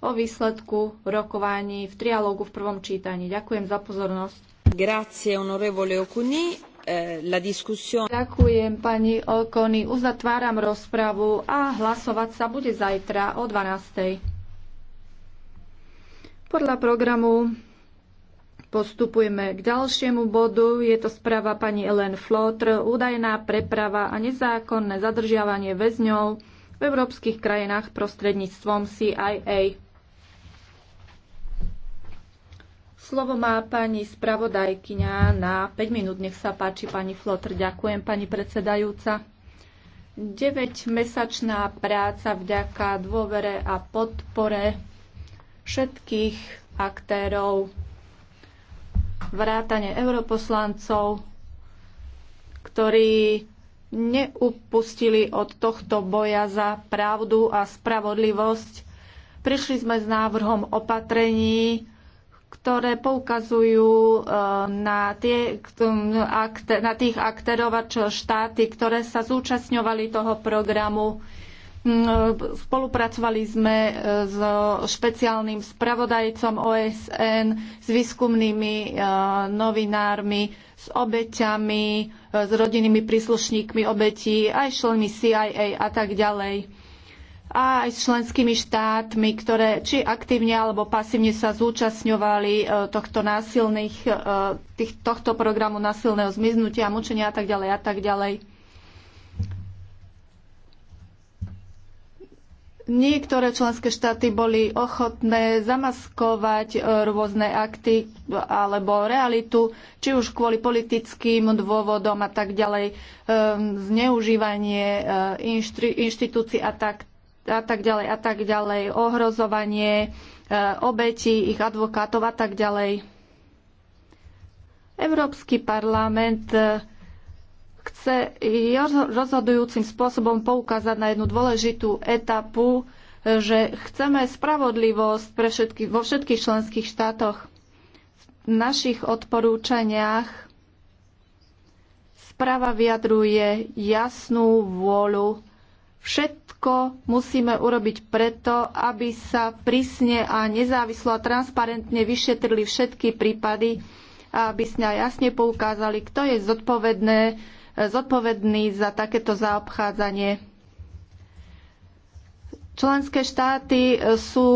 o výsledku rokovaní v trialógu v prvom čítaní. Ďakujem za pozornosť. Grazie, onorevole Okuni. Eh, la discussion... Ďakujem, pani Okony. Uzatváram rozpravu a hlasovať sa bude zajtra o 12. Podľa programu postupujeme k ďalšiemu bodu. Je to správa pani Ellen Flotr, údajná preprava a nezákonné zadržiavanie väzňov v európskych krajinách prostredníctvom CIA. Slovo má pani spravodajkyňa na 5 minút. Nech sa páči, pani Flotr. Ďakujem, pani predsedajúca. 9-mesačná práca vďaka dôvere a podpore všetkých aktérov, vrátane europoslancov, ktorí neupustili od tohto boja za pravdu a spravodlivosť. Prišli sme s návrhom opatrení, ktoré poukazujú e, na, tie, na tých aktérov a štáty, ktoré sa zúčastňovali toho programu. Spolupracovali sme e, s špeciálnym spravodajcom OSN, s výskumnými e, novinármi, s obeťami, s rodinnými príslušníkmi obetí, aj členmi CIA a tak ďalej a aj s členskými štátmi, ktoré či aktívne alebo pasívne sa zúčastňovali e, tohto, násilných, e, tých, tohto programu násilného zmiznutia, mučenia a tak ďalej a tak ďalej. Niektoré členské štáty boli ochotné zamaskovať e, rôzne akty alebo realitu, či už kvôli politickým dôvodom a tak ďalej, zneužívanie inštitúcií a tak a tak ďalej a tak ďalej, ohrozovanie e, obetí, ich advokátov a tak ďalej. Európsky parlament e, chce rozhodujúcim spôsobom poukázať na jednu dôležitú etapu, e, že chceme spravodlivosť pre všetky, vo všetkých členských štátoch. V našich odporúčaniach správa vyjadruje jasnú vôľu Všetko musíme urobiť preto, aby sa prísne a nezávislo a transparentne vyšetrili všetky prípady, a aby sme aj jasne poukázali, kto je zodpovedné, zodpovedný za takéto zaobchádzanie. Členské štáty sú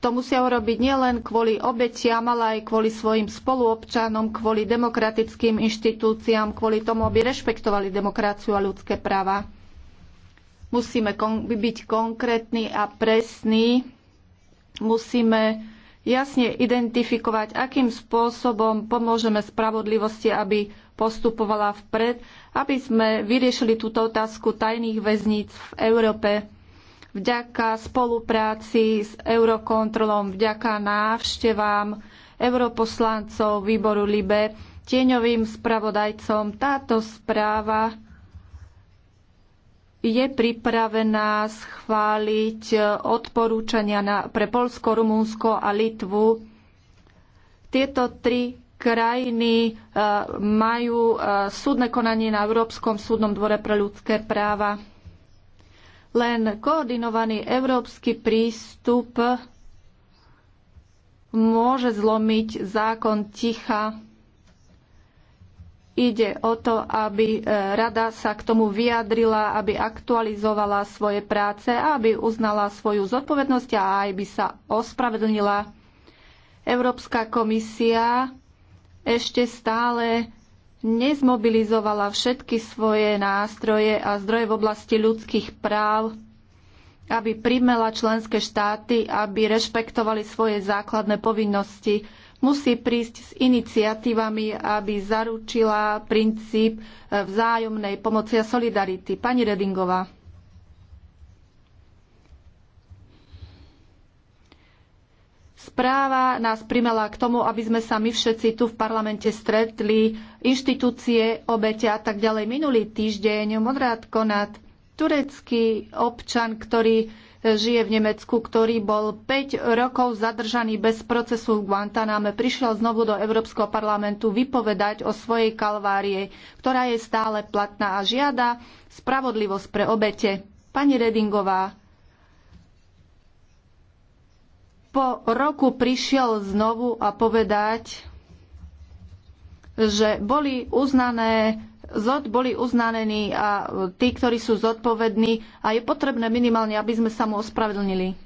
to musia urobiť nielen kvôli obetiam, ale aj kvôli svojim spoluobčanom, kvôli demokratickým inštitúciám, kvôli tomu, aby rešpektovali demokraciu a ľudské práva. Musíme kon- byť konkrétni a presní. Musíme jasne identifikovať, akým spôsobom pomôžeme spravodlivosti, aby postupovala vpred, aby sme vyriešili túto otázku tajných väzníc v Európe vďaka spolupráci s Eurokontrolom, vďaka návštevám europoslancov výboru LIBE, tieňovým spravodajcom. Táto správa je pripravená schváliť e, odporúčania na, pre Polsko, Rumunsko a Litvu. Tieto tri krajiny e, majú e, súdne konanie na Európskom súdnom dvore pre ľudské práva. Len koordinovaný európsky prístup môže zlomiť zákon ticha Ide o to, aby e, rada sa k tomu vyjadrila, aby aktualizovala svoje práce a aby uznala svoju zodpovednosť a aj by sa ospravedlnila. Európska komisia ešte stále nezmobilizovala všetky svoje nástroje a zdroje v oblasti ľudských práv, aby primela členské štáty, aby rešpektovali svoje základné povinnosti musí prísť s iniciatívami, aby zaručila princíp e, vzájomnej pomoci a solidarity. Pani Redingová. Správa nás primela k tomu, aby sme sa my všetci tu v parlamente stretli, inštitúcie, obete a tak ďalej. Minulý týždeň Modrát Konat, turecký občan, ktorý žije v Nemecku, ktorý bol 5 rokov zadržaný bez procesu v Guantaname, prišiel znovu do Európskeho parlamentu vypovedať o svojej kalvárie, ktorá je stále platná a žiada spravodlivosť pre obete. Pani Redingová, po roku prišiel znovu a povedať, že boli uznané ZOD boli uznanení a tí, ktorí sú zodpovední a je potrebné minimálne, aby sme sa mu ospravedlnili.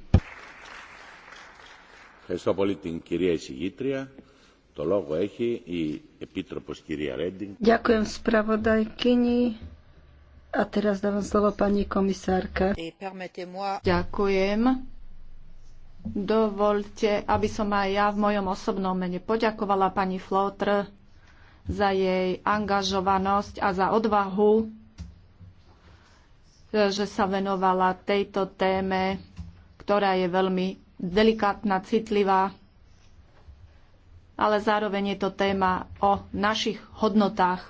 Ευχαριστώ πολύ την κυρία εισηγήτρια. Το λόγο έχει η Επίτροπος κυρία Ρέντινγκ. Ďakujem spravodajkyni. A teraz dávam slovo pani komisárka. Ďakujem. Dovolte, aby som aj ja v mojom osobnom mene poďakovala pani Flotr za jej angažovanosť a za odvahu, e, že sa venovala tejto téme, ktorá je veľmi delikátna, citlivá, ale zároveň je to téma o našich hodnotách.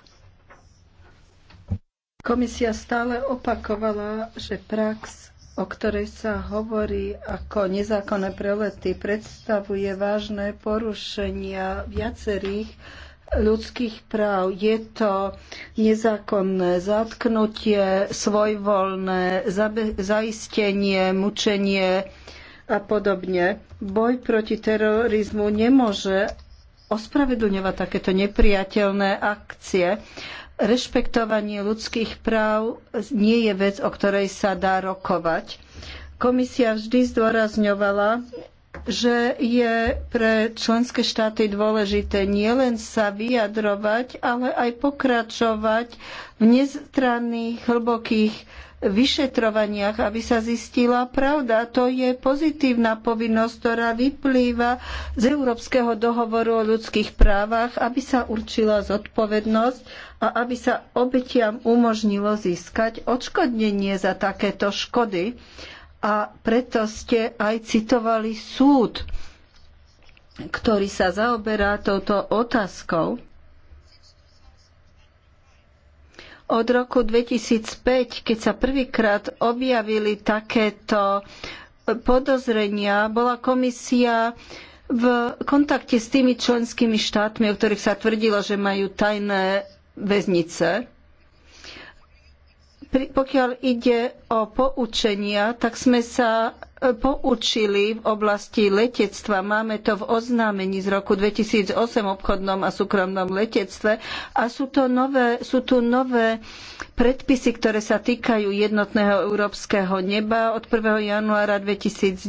Komisia stále opakovala, že prax, o ktorej sa hovorí ako nezákonné prelety, predstavuje vážne porušenia viacerých ľudských práv. Je to nezákonné zatknutie, svojvoľné zaistenie, mučenie a podobne. Boj proti terorizmu nemôže ospravedlňovať takéto nepriateľné akcie. Rešpektovanie ľudských práv nie je vec, o ktorej sa dá rokovať. Komisia vždy zdôrazňovala, že je pre členské štáty dôležité nielen sa vyjadrovať, ale aj pokračovať v nestranných, hlbokých vyšetrovaniach, aby sa zistila pravda. To je pozitívna povinnosť, ktorá vyplýva z Európskeho dohovoru o ľudských právach, aby sa určila zodpovednosť a aby sa obetiam umožnilo získať odškodnenie za takéto škody a preto ste aj citovali súd, ktorý sa zaoberá touto otázkou. Od roku 2005, keď sa prvýkrát objavili takéto podozrenia, bola komisia v kontakte s tými členskými štátmi, o ktorých sa tvrdilo, že majú tajné väznice pokiaľ ide o poučenia, tak sme sa e, poučili v oblasti letectva. Máme to v oznámení z roku 2008 obchodnom a súkromnom letectve a sú, to nové, sú tu nové predpisy, ktoré sa týkajú jednotného európskeho neba od 1. januára 2009.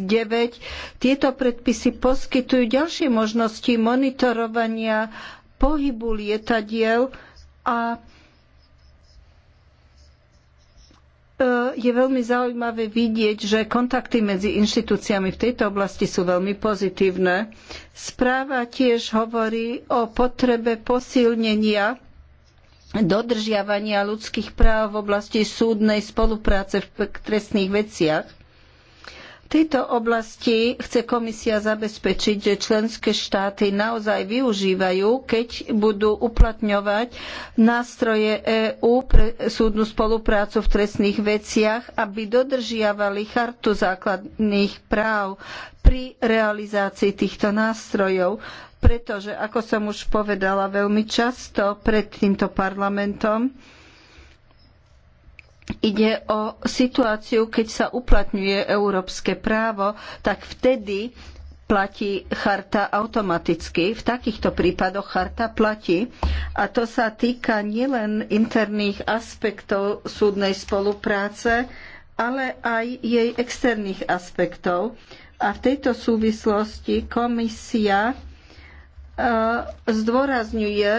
Tieto predpisy poskytujú ďalšie možnosti monitorovania pohybu lietadiel a E, je veľmi zaujímavé vidieť, že kontakty medzi inštitúciami v tejto oblasti sú veľmi pozitívne. Správa tiež hovorí o potrebe posilnenia dodržiavania ľudských práv v oblasti súdnej spolupráce v trestných veciach tejto oblasti chce komisia zabezpečiť, že členské štáty naozaj využívajú, keď budú uplatňovať nástroje EÚ pre súdnu spoluprácu v trestných veciach, aby dodržiavali chartu základných práv pri realizácii týchto nástrojov pretože, ako som už povedala veľmi často pred týmto parlamentom, ide o situáciu, keď sa uplatňuje európske právo, tak vtedy platí charta automaticky. V takýchto prípadoch charta platí a to sa týka nielen interných aspektov súdnej spolupráce, ale aj jej externých aspektov. A v tejto súvislosti komisia e, zdôrazňuje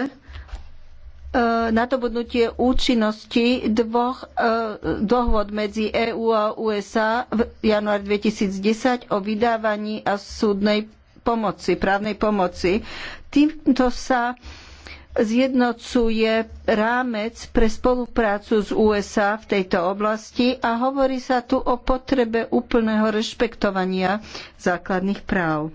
Eh, nadobudnutie účinnosti dvoch eh, dohôd medzi EÚ a USA v január 2010 o vydávaní a súdnej pomoci, právnej pomoci. Týmto sa zjednocuje rámec pre spoluprácu s USA v tejto oblasti a hovorí sa tu o potrebe úplného rešpektovania základných práv.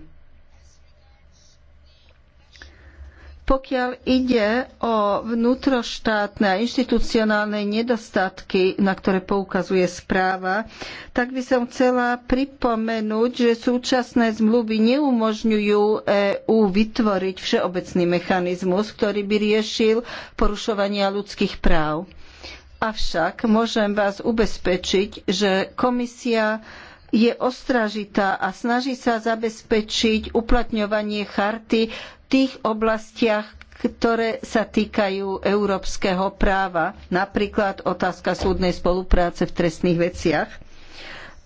Pokiaľ ide o vnútroštátne a inštitucionálne nedostatky, na ktoré poukazuje správa, tak by som chcela pripomenúť, že súčasné zmluvy neumožňujú EÚ vytvoriť všeobecný mechanizmus, ktorý by riešil porušovania ľudských práv. Avšak môžem vás ubezpečiť, že komisia je ostražitá a snaží sa zabezpečiť uplatňovanie charty tých oblastiach, ktoré sa týkajú európskeho práva, napríklad otázka súdnej spolupráce v trestných veciach.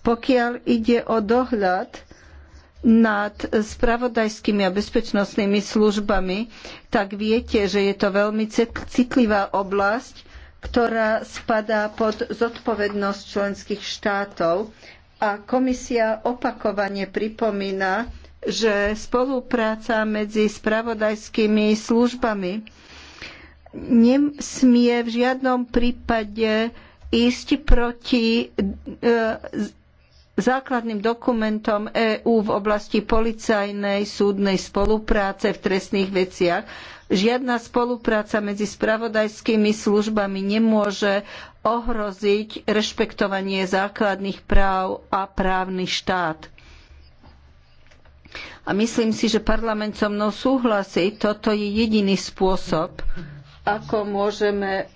Pokiaľ ide o dohľad nad spravodajskými a bezpečnostnými službami, tak viete, že je to veľmi citlivá oblasť, ktorá spadá pod zodpovednosť členských štátov a komisia opakovane pripomína, že spolupráca medzi spravodajskými službami nesmie v žiadnom prípade ísť proti e, základným dokumentom EÚ v oblasti policajnej súdnej spolupráce v trestných veciach. Žiadna spolupráca medzi spravodajskými službami nemôže ohroziť rešpektovanie základných práv a právny štát. A myslím si, že parlament so mnou súhlasí. Toto je jediný spôsob, ako môžeme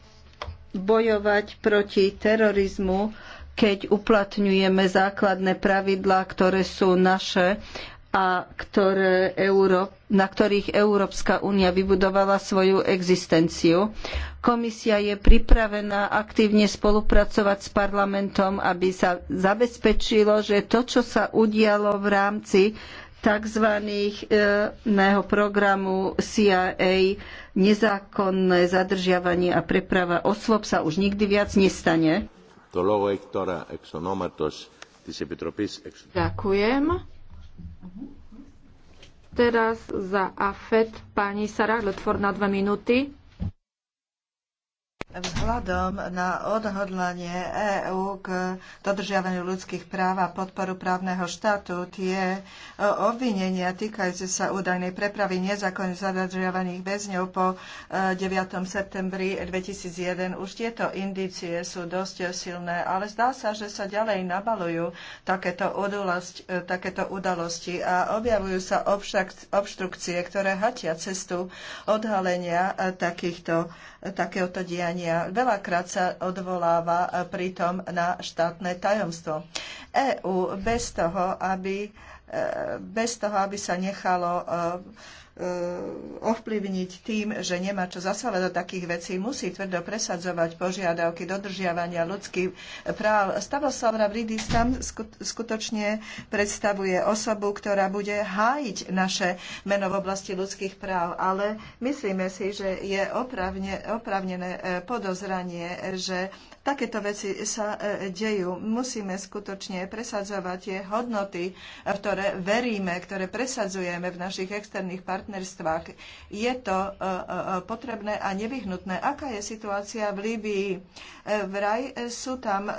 bojovať proti terorizmu, keď uplatňujeme základné pravidlá, ktoré sú naše a ktoré Euró- na ktorých Európska únia vybudovala svoju existenciu. Komisia je pripravená aktívne spolupracovať s parlamentom, aby sa zabezpečilo, že to, čo sa udialo v rámci tzv. Eh, programu CIA nezákonné zadržiavanie a preprava osôb sa už nikdy viac nestane. Ďakujem. Teraz za pani Sara na dve minúty. Vzhľadom na odhodlanie EÚ k dodržiavaniu ľudských práv a podporu právneho štátu tie obvinenia týkajúce sa údajnej prepravy nezákonne zadržiavaných väzňov po 9. Eh, septembri 2001 už tieto indície sú dosť silné, ale zdá sa, že sa ďalej nabalujú takéto, udulosť, eh, takéto udalosti a objavujú sa obštrukcie, ktoré hatia cestu odhalenia eh, takýchto takéhoto diania. Veľakrát sa odvoláva e, pritom na štátne tajomstvo. EÚ bez toho, aby, e, bez toho, aby sa nechalo e, Eh, ovplyvniť tým, že nemá čo zasávať do takých vecí, musí tvrdo presadzovať požiadavky dodržiavania ľudských práv. Stavoslav Ravridis tam skutočne predstavuje osobu, ktorá bude hájiť naše meno v oblasti ľudských práv, ale myslíme si, že je opravne, opravnené eh, podozranie, že takéto veci sa eh, dejú. Musíme skutočne presadzovať tie hodnoty, ktoré veríme, ktoré presadzujeme v našich externých partneroch partnerstvách. Je to e, e, e, potrebné a nevyhnutné. Aká je situácia v Líbii? Vraj sú tam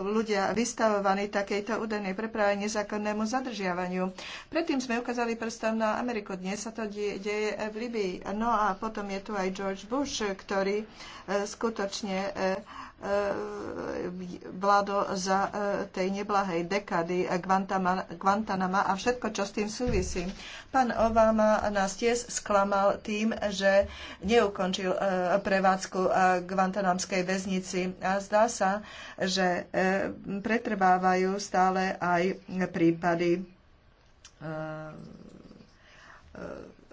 ľudia vystavovaní takejto údajnej preprave nezákonnému zadržiavaniu. Predtým sme ukázali prstom na Ameriku. Dnes sa to deje v Libii. No a potom je tu aj George Bush, ktorý skutočne E, vládo za e, tej neblahej dekady Guantanama a všetko, čo s tým súvisí. Pán Obama nás tiež sklamal tým, že neukončil e, prevádzku Guantanamskej väznici a zdá sa, že pretrvávajú stále aj prípady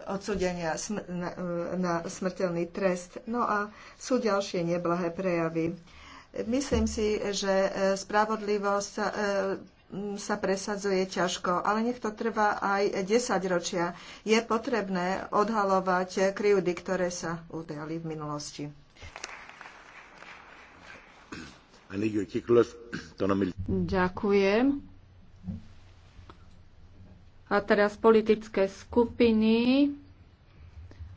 odsudenia na smrteľný trest. No a sú ďalšie neblahé prejavy Myslím si, že e, spravodlivosť e, sa presadzuje ťažko, ale nech to trvá aj 10 ročia. Je potrebné odhalovať krivdy, ktoré sa udiali v minulosti. Ďakujem. A teraz politické skupiny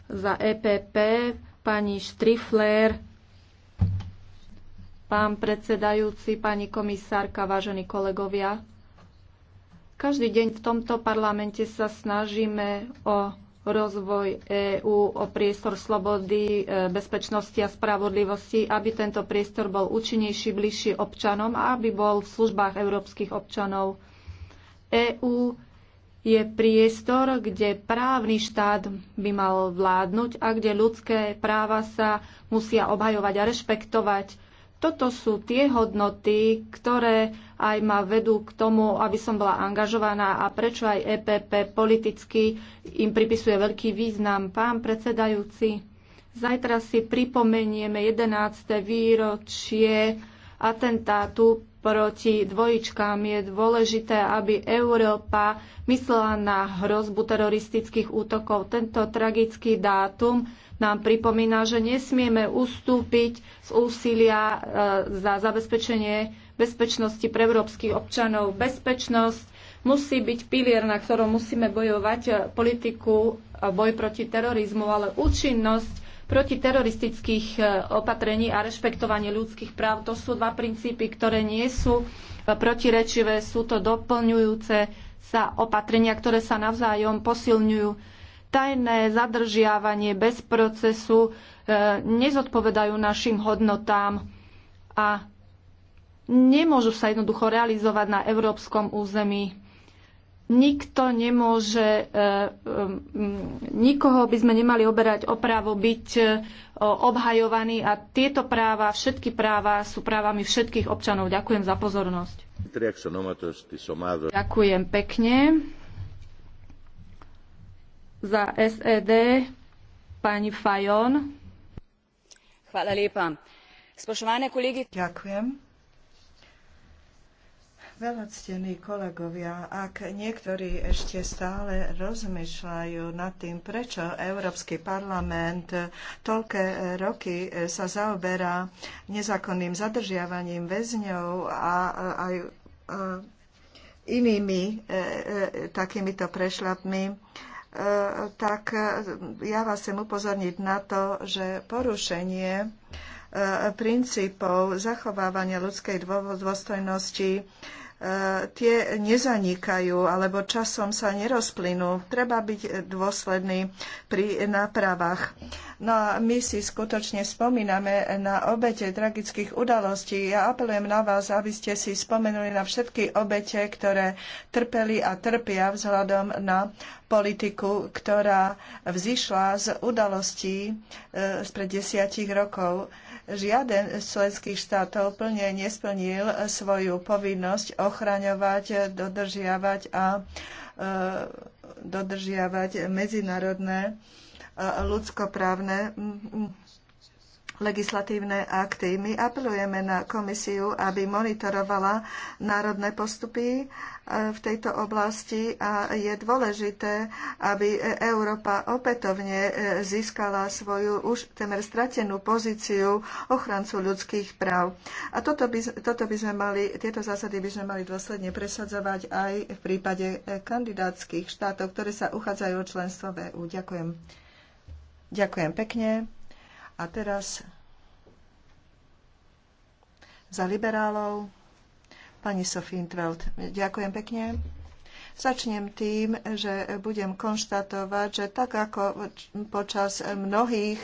za EPP pani Štrifler Pán predsedajúci, pani komisárka, vážení kolegovia, každý deň v tomto parlamente sa snažíme o rozvoj EÚ, o priestor slobody, e, bezpečnosti a spravodlivosti, aby tento priestor bol účinnejší, bližší občanom a aby bol v službách európskych občanov. EÚ je priestor, kde právny štát by mal vládnuť a kde ľudské práva sa musia obhajovať a rešpektovať. Toto sú tie hodnoty, ktoré aj ma vedú k tomu, aby som bola angažovaná a prečo aj EPP politicky im pripisuje veľký význam. Pán predsedajúci, zajtra si pripomenieme 11. výročie atentátu proti dvojičkám je dôležité, aby Európa myslela na hrozbu teroristických útokov. Tento tragický dátum nám pripomína, že nesmieme ustúpiť z úsilia e, za zabezpečenie bezpečnosti pre európskych občanov. Bezpečnosť musí byť pilier, na ktorom musíme bojovať e, politiku, e, boj proti terorizmu, ale účinnosť protiteroristických e, opatrení a rešpektovanie ľudských práv. To sú dva princípy, ktoré nie sú e, protirečivé, sú to doplňujúce sa opatrenia, ktoré sa navzájom posilňujú. Tajné zadržiavanie bez procesu e, nezodpovedajú našim hodnotám a nemôžu sa jednoducho realizovať na európskom území nikto nemôže, e, e, nikoho by sme nemali oberať o právo byť e, obhajovaný a tieto práva, všetky práva sú právami všetkých občanov. Ďakujem za pozornosť. Ďakujem pekne. Za SED pani Fajon. Hvala lepa. Spoštovane kolegi. Ďakujem. Veľa ctení kolegovia, ak niektorí ešte stále rozmýšľajú nad tým, prečo Európsky parlament toľké roky sa zaoberá nezákonným zadržiavaním väzňov a aj inými e, e, takýmito prešľapmi, e, tak ja vás chcem upozorniť na to, že porušenie princípov zachovávania ľudskej dôstojnosti tie nezanikajú alebo časom sa nerozplynú. Treba byť dôsledný pri nápravách. No a my si skutočne spomíname na obete tragických udalostí. Ja apelujem na vás, aby ste si spomenuli na všetky obete, ktoré trpeli a trpia vzhľadom na politiku, ktorá vzýšla z udalostí spred e, desiatich rokov Žiaden z členských štátov plne nesplnil svoju povinnosť ochraňovať, dodržiavať a e, dodržiavať medzinárodné e, ľudskoprávne legislatívne akty. My apelujeme na komisiu, aby monitorovala národné postupy e, v tejto oblasti a je dôležité, aby Európa opätovne e, získala svoju už temer stratenú pozíciu ochrancu ľudských práv. A toto by, toto by sme mali, tieto zásady by sme mali dôsledne presadzovať aj v prípade e, kandidátskych štátov, ktoré sa uchádzajú o členstvo v EU. Ďakujem. Ďakujem pekne. A teraz za liberálov pani Sofín Tveld. Ďakujem pekne. Začnem tým, že budem konštatovať, že tak ako počas mnohých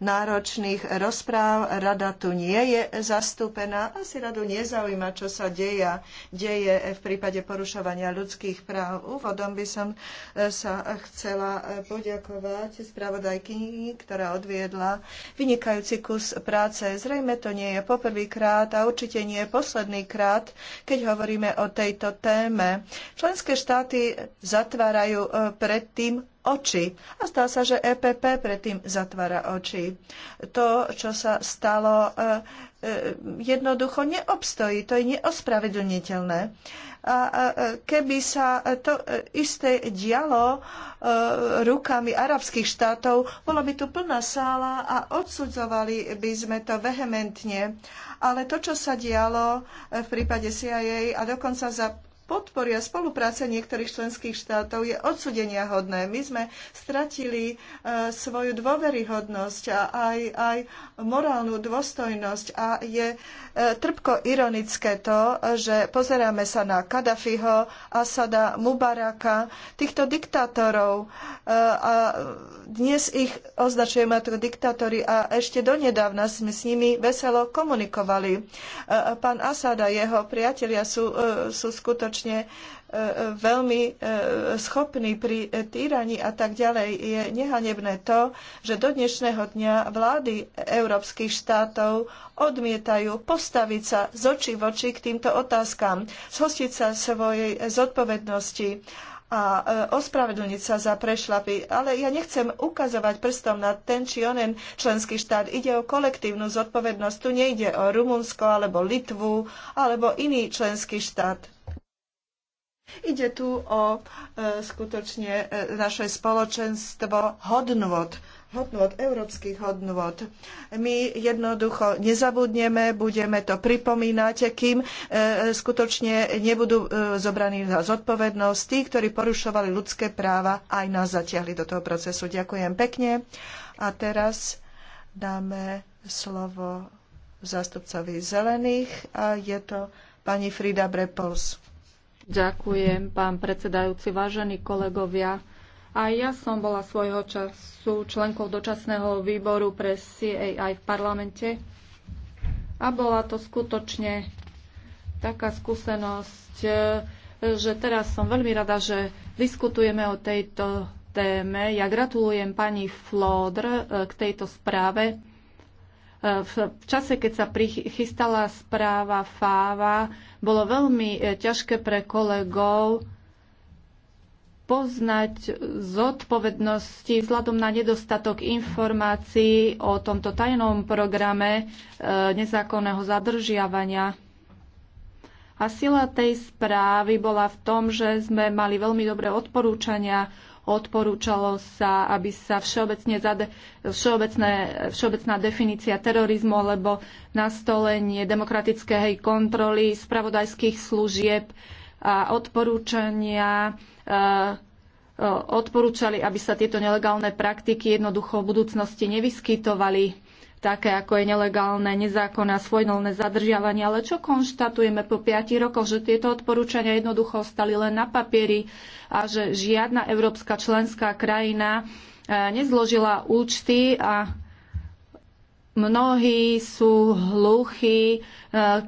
náročných rozpráv rada tu nie je zastúpená, asi radu nezaujíma, čo sa deja, deje v prípade porušovania ľudských práv. Úvodom by som e, sa chcela e, poďakovať spravodajkyni, ktorá odviedla vynikajúci kus práce. Zrejme to nie je poprvýkrát a určite nie je posledný krát, keď hovoríme o tejto téme. Členské štáty štáty zatvárajú e, predtým oči. A stá sa, že EPP predtým zatvára oči. To, čo sa stalo, e, e, jednoducho neobstojí. To je neospravedlniteľné. A keby sa to isté dialo rukami arabských štátov, bola by tu plná sála a odsudzovali by sme to vehementne. Ale to, čo sa dialo v prípade CIA a dokonca za podpory a spolupráce niektorých členských štátov je odsudenia hodné. My sme stratili e, svoju dôveryhodnosť a aj, aj morálnu dôstojnosť a je e, trpko ironické to, že pozeráme sa na Kadafiho, Asada, Mubaraka, týchto diktátorov e, a dnes ich označujeme ako diktátory a ešte donedávna sme s nimi veselo komunikovali. Pán Asada, jeho priatelia sú, sú skutočne skutočne e, veľmi e, schopný pri e, týraní a tak ďalej. Je nehanebné to, že do dnešného dňa vlády európskych štátov odmietajú postaviť sa z očí v oči k týmto otázkam, zhostiť sa svojej zodpovednosti a ospravedlniť sa za prešlapy. Ale ja nechcem ukazovať prstom na ten či onen členský štát. Ide o kolektívnu zodpovednosť. Tu nejde o Rumunsko alebo Litvu alebo iný členský štát. Ide tu o e, skutočne e, naše spoločenstvo hodnot, hodnot, európskych hodnot. My jednoducho nezabudneme, budeme to pripomínať, kým e, skutočne nebudú e, zobraní na zodpovednosť tí, ktorí porušovali ľudské práva, aj nás zatiahli do toho procesu. Ďakujem pekne. A teraz dáme slovo zástupcovi zelených a je to pani Frida Brepols. Ďakujem, pán predsedajúci, vážení kolegovia. A ja som bola svojho času členkou dočasného výboru pre CAI v parlamente. A bola to skutočne taká skúsenosť, e, že teraz som veľmi rada, že diskutujeme o tejto téme. Ja gratulujem pani Flodr e, k tejto správe. V čase, keď sa prichystala správa Fáva, bolo veľmi e, ťažké pre kolegov poznať zodpovednosti vzhľadom na nedostatok informácií o tomto tajnom programe e, nezákonného zadržiavania. A sila tej správy bola v tom, že sme mali veľmi dobré odporúčania Odporúčalo sa, aby sa všeobecne zade, všeobecné, všeobecná definícia terorizmu alebo nastolenie demokratickej kontroly spravodajských služieb a odporúčania e, odporúčali, aby sa tieto nelegálne praktiky jednoducho v budúcnosti nevyskytovali také ako je nelegálne, nezákonné, svojnolné zadržiavanie, ale čo konštatujeme po 5 rokoch, že tieto odporúčania jednoducho ostali len na papieri a že žiadna európska členská krajina eh, nezložila účty a Mnohí sú hluchí e,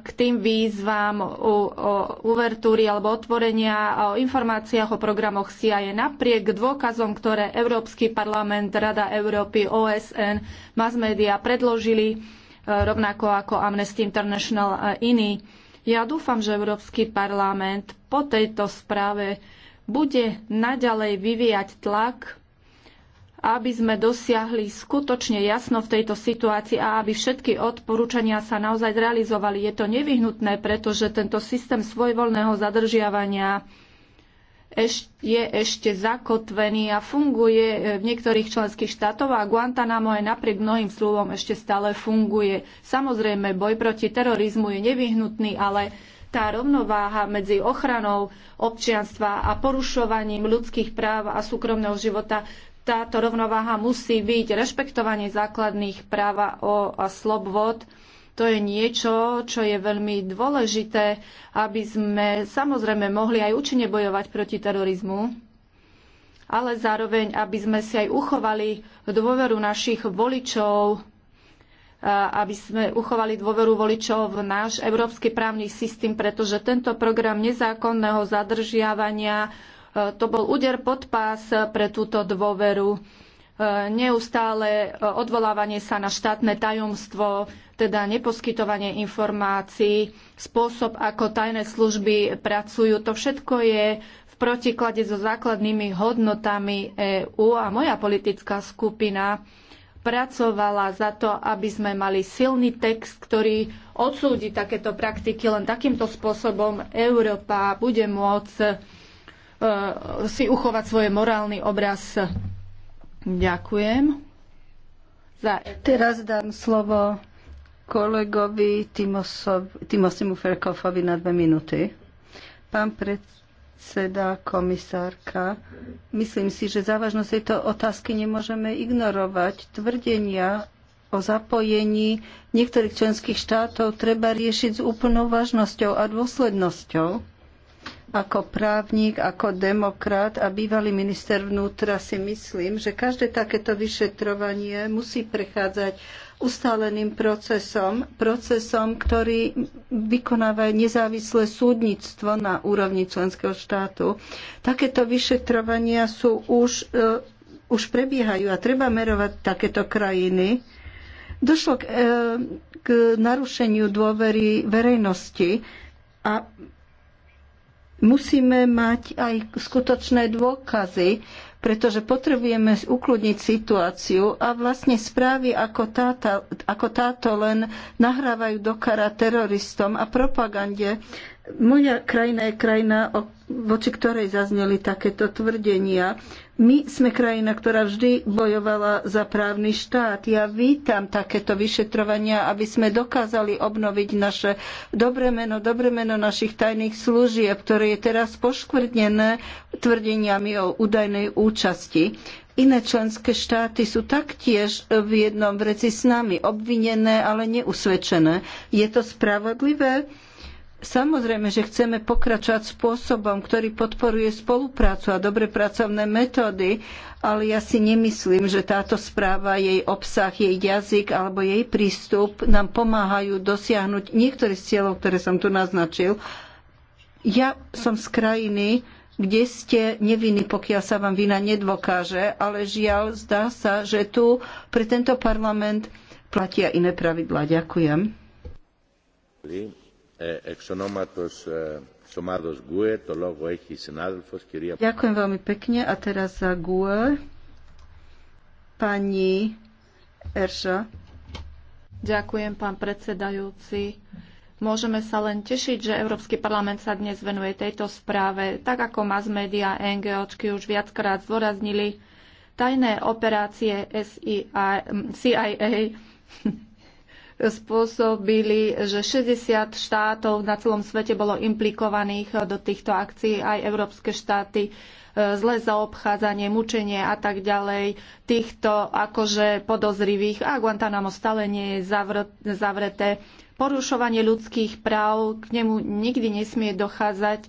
k tým výzvam o, o uvertúry alebo otvorenia a o informáciách o programoch CIA. Napriek dôkazom, ktoré Európsky parlament, Rada Európy, OSN, mass media predložili, e, rovnako ako Amnesty International a iní. Ja dúfam, že Európsky parlament po tejto správe bude naďalej vyvíjať tlak aby sme dosiahli skutočne jasno v tejto situácii a aby všetky odporúčania sa naozaj realizovali. Je to nevyhnutné, pretože tento systém svojvoľného zadržiavania je ešte zakotvený a funguje v niektorých členských štátoch a Guantanamo aj napriek mnohým slovom ešte stále funguje. Samozrejme, boj proti terorizmu je nevyhnutný, ale tá rovnováha medzi ochranou občianstva a porušovaním ľudských práv a súkromného života, táto rovnováha musí byť rešpektovanie základných práv a slobod. To je niečo, čo je veľmi dôležité, aby sme samozrejme mohli aj účinne bojovať proti terorizmu, ale zároveň, aby sme si aj uchovali dôveru našich voličov, aby sme uchovali dôveru voličov v náš európsky právny systém, pretože tento program nezákonného zadržiavania to bol úder pod pás pre túto dôveru neustále odvolávanie sa na štátne tajomstvo, teda neposkytovanie informácií, spôsob, ako tajné služby pracujú. To všetko je v protiklade so základnými hodnotami EÚ a moja politická skupina pracovala za to, aby sme mali silný text, ktorý odsúdi takéto praktiky. Len takýmto spôsobom Európa bude môcť Eh, si uchovať svoj morálny obraz. Ďakujem. Za... E Teraz dám slovo kolegovi Timosimu Ferkofovi na dve minúty. Pán predseda, komisárka, myslím si, že závažnosť tejto otázky nemôžeme ignorovať. Tvrdenia o zapojení niektorých členských štátov treba riešiť s úplnou vážnosťou a dôslednosťou ako právnik, ako demokrat a bývalý minister vnútra si myslím, že každé takéto vyšetrovanie musí prechádzať ustáleným procesom, procesom, ktorý vykonáva nezávislé súdnictvo na úrovni členského štátu. Takéto vyšetrovania sú už, uh, už prebiehajú a treba merovať takéto krajiny. Došlo k, uh, k narušeniu dôvery verejnosti a Musíme mať aj skutočné dôkazy, pretože potrebujeme ukludniť situáciu a vlastne správy ako, táto, ako táto len nahrávajú do kara teroristom a propagande. Moja krajina je krajina, voči ktorej zazneli takéto tvrdenia. My sme krajina, ktorá vždy bojovala za právny štát. Ja vítam takéto vyšetrovania, aby sme dokázali obnoviť naše dobré meno, dobré meno našich tajných služieb, ktoré je teraz poškvrnené tvrdeniami o údajnej účasti. Iné členské štáty sú taktiež v jednom vreci s nami obvinené, ale neusvedčené. Je to spravodlivé? Samozrejme, že chceme pokračovať spôsobom, ktorý podporuje spoluprácu a dobre pracovné metódy, ale ja si nemyslím, že táto správa, jej obsah, jej jazyk alebo jej prístup nám pomáhajú dosiahnuť niektoré z cieľov, ktoré som tu naznačil. Ja som z krajiny, kde ste nevinní, pokiaľ sa vám vina nedvokáže, ale žiaľ, zdá sa, že tu pre tento parlament platia iné pravidlá. Ďakujem. Ďakujem veľmi pekne a teraz za GUE pani Erša. Ďakujem, pán predsedajúci. Môžeme sa len tešiť, že Európsky parlament sa dnes venuje tejto správe. Tak ako mass media a NGOčky už viackrát zdôraznili, tajné operácie SIA, CIA spôsobili, že 60 štátov na celom svete bolo implikovaných eh, do týchto akcií, aj európske štáty eh, zlé zaobchádzanie, mučenie a tak ďalej týchto akože podozrivých a Guantanamo stále nie je zavreté. Porušovanie ľudských práv, k nemu nikdy nesmie dochádzať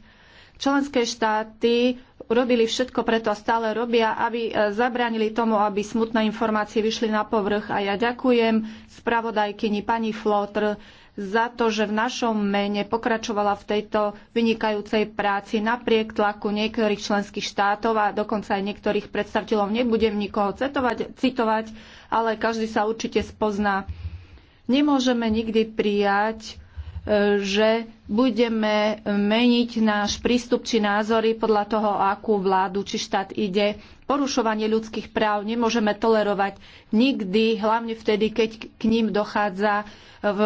Členské štáty robili všetko preto a stále robia, aby e, zabránili tomu, aby smutné informácie vyšli na povrch. A ja ďakujem spravodajkyni pani Flotr za to, že v našom mene pokračovala v tejto vynikajúcej práci napriek tlaku niektorých členských štátov a dokonca aj niektorých predstaviteľov. Nebudem nikoho citovať, citovať ale každý sa určite spozná. Nemôžeme nikdy prijať že budeme meniť náš prístup či názory podľa toho, akú vládu či štát ide. Porušovanie ľudských práv nemôžeme tolerovať nikdy, hlavne vtedy, keď k ním dochádza v,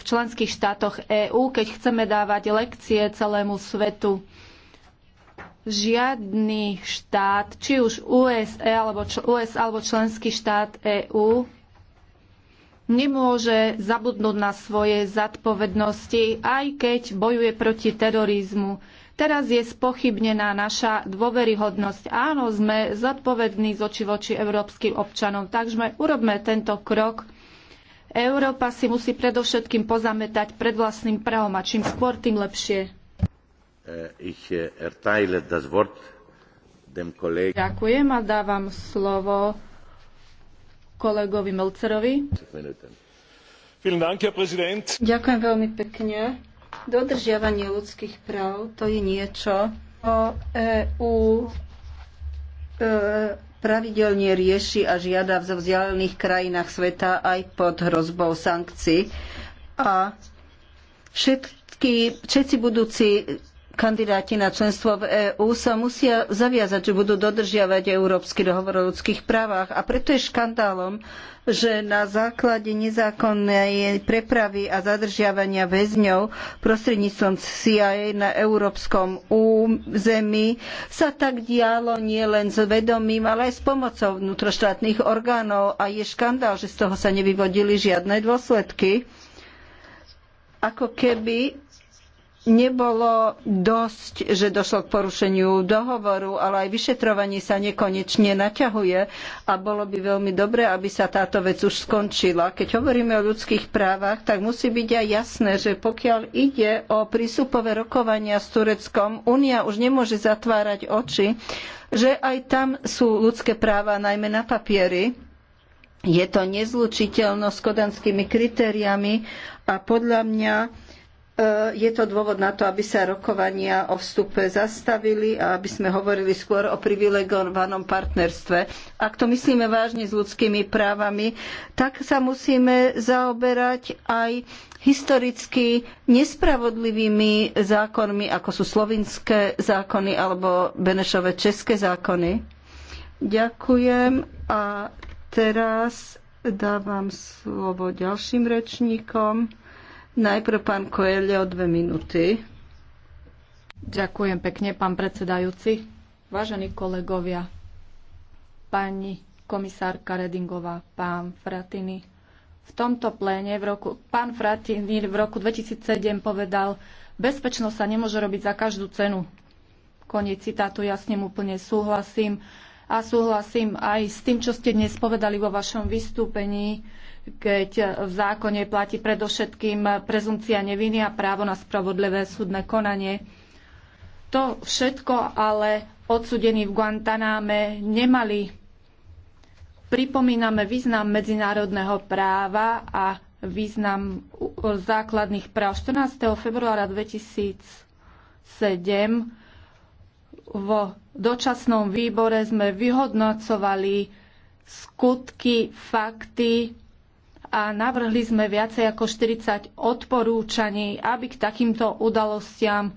v členských štátoch EÚ, keď chceme dávať lekcie celému svetu. Žiadny štát, či už USA e alebo, USA e alebo členský štát EÚ, nemôže zabudnúť na svoje zadpovednosti, aj keď bojuje proti terorizmu. Teraz je spochybnená naša dôveryhodnosť. Áno, sme zodpovední z oči voči európskym občanom, takže urobme tento krok. Európa si musí predovšetkým pozametať pred vlastným právom a čím skôr, tým lepšie. Eh, eh, Ďakujem a dávam slovo kolegovi Melcerovi. Ďakujem veľmi pekne. Dodržiavanie ľudských práv to je niečo, čo EÚ e, pravidelne rieši a žiada v vzdialených krajinách sveta aj pod hrozbou sankcií. A všetky, všetci budúci kandidáti na členstvo v EÚ sa musia zaviazať, že budú dodržiavať Európsky dohovor o ľudských právach. A preto je škandálom, že na základe nezákonnej prepravy a zadržiavania väzňov prostredníctvom CIA na európskom území sa tak dialo nielen s vedomím, ale aj s pomocou vnútroštátnych orgánov. A je škandál, že z toho sa nevyvodili žiadne dôsledky. Ako keby nebolo dosť, že došlo k porušeniu dohovoru, ale aj vyšetrovanie sa nekonečne naťahuje a bolo by veľmi dobré, aby sa táto vec už skončila. Keď hovoríme o ľudských právach, tak musí byť aj jasné, že pokiaľ ide o prísupové rokovania s Tureckom, Únia už nemôže zatvárať oči, že aj tam sú ľudské práva najmä na papiery, Je to nezlučiteľno s kodanskými kritériami a podľa mňa E, je to dôvod na to, aby sa rokovania o vstupe zastavili a aby sme hovorili skôr o privilegovanom partnerstve. Ak to myslíme vážne s ľudskými právami, tak sa musíme zaoberať aj historicky nespravodlivými zákonmi, ako sú slovinské zákony alebo Benešové české zákony. Ďakujem a teraz dávam slovo ďalším rečníkom. Najprv pán o dve minúty. Ďakujem pekne, pán predsedajúci. Vážení kolegovia, pani komisárka Redingová, pán Fratini. V tomto pléne v roku, pán Fratini v roku 2007 povedal, bezpečnosť sa nemôže robiť za každú cenu. Koniec citátu, ja s ním úplne súhlasím. A súhlasím aj s tým, čo ste dnes povedali vo vašom vystúpení, keď v zákone platí predovšetkým prezumcia neviny a právo na spravodlivé súdne konanie. To všetko ale odsudení v Guantanáme nemali. Pripomíname význam medzinárodného práva a význam základných práv. 14. februára 2007 v dočasnom výbore sme vyhodnocovali skutky, fakty a navrhli sme viacej ako 40 odporúčaní, aby k takýmto udalostiam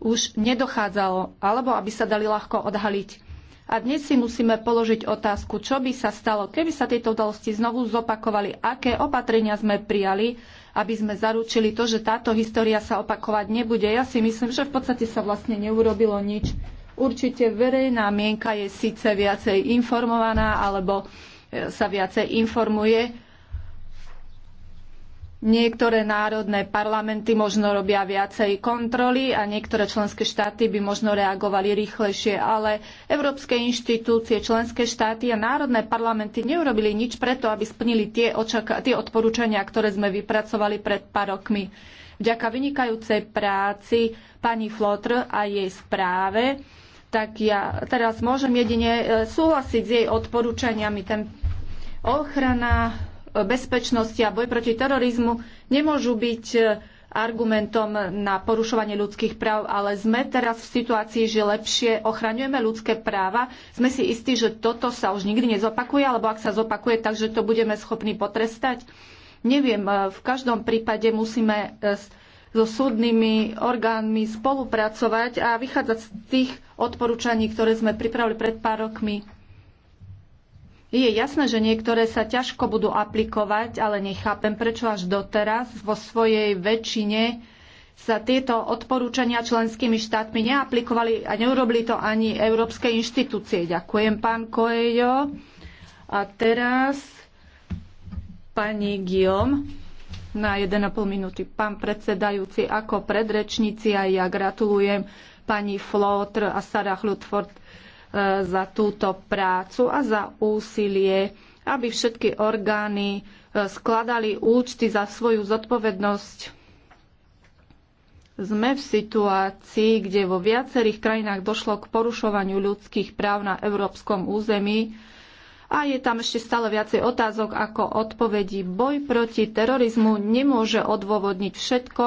už nedochádzalo, alebo aby sa dali ľahko odhaliť. A dnes si musíme položiť otázku, čo by sa stalo, keby sa tieto udalosti znovu zopakovali, aké opatrenia sme prijali, aby sme zaručili to, že táto história sa opakovať nebude. Ja si myslím, že v podstate sa vlastne neurobilo nič. Určite verejná mienka je síce viacej informovaná alebo e, sa viacej informuje, Niektoré národné parlamenty možno robia viacej kontroly a niektoré členské štáty by možno reagovali rýchlejšie, ale európske inštitúcie, členské štáty a národné parlamenty neurobili nič preto, aby splnili tie, tie odporúčania, ktoré sme vypracovali pred pár rokmi. Vďaka vynikajúcej práci pani Flotr a jej správe, tak ja teraz môžem jedine e, súhlasiť s jej odporúčaniami. Ten ochrana bezpečnosti a boj proti terorizmu nemôžu byť e, argumentom na porušovanie ľudských práv, ale sme teraz v situácii, že lepšie ochraňujeme ľudské práva. Sme si istí, že toto sa už nikdy nezopakuje, alebo ak sa zopakuje, takže to budeme schopní potrestať. Neviem, e, v každom prípade musíme e, so súdnymi orgánmi spolupracovať a vychádzať z tých odporúčaní, ktoré sme pripravili pred pár rokmi je jasné, že niektoré sa ťažko budú aplikovať, ale nechápem, prečo až doteraz vo svojej väčšine sa tieto odporúčania členskými štátmi neaplikovali a neurobili to ani európske inštitúcie. Ďakujem, pán Koejo. A teraz pani Guillaume na 1,5 minúty. Pán predsedajúci, ako predrečníci aj ja gratulujem pani Flotr a Sarah Ludford za túto prácu a za úsilie, aby všetky orgány e, skladali účty za svoju zodpovednosť. Sme v situácii, kde vo viacerých krajinách došlo k porušovaniu ľudských práv na európskom území a je tam ešte stále viacej otázok ako odpovedí. Boj proti terorizmu nemôže odôvodniť všetko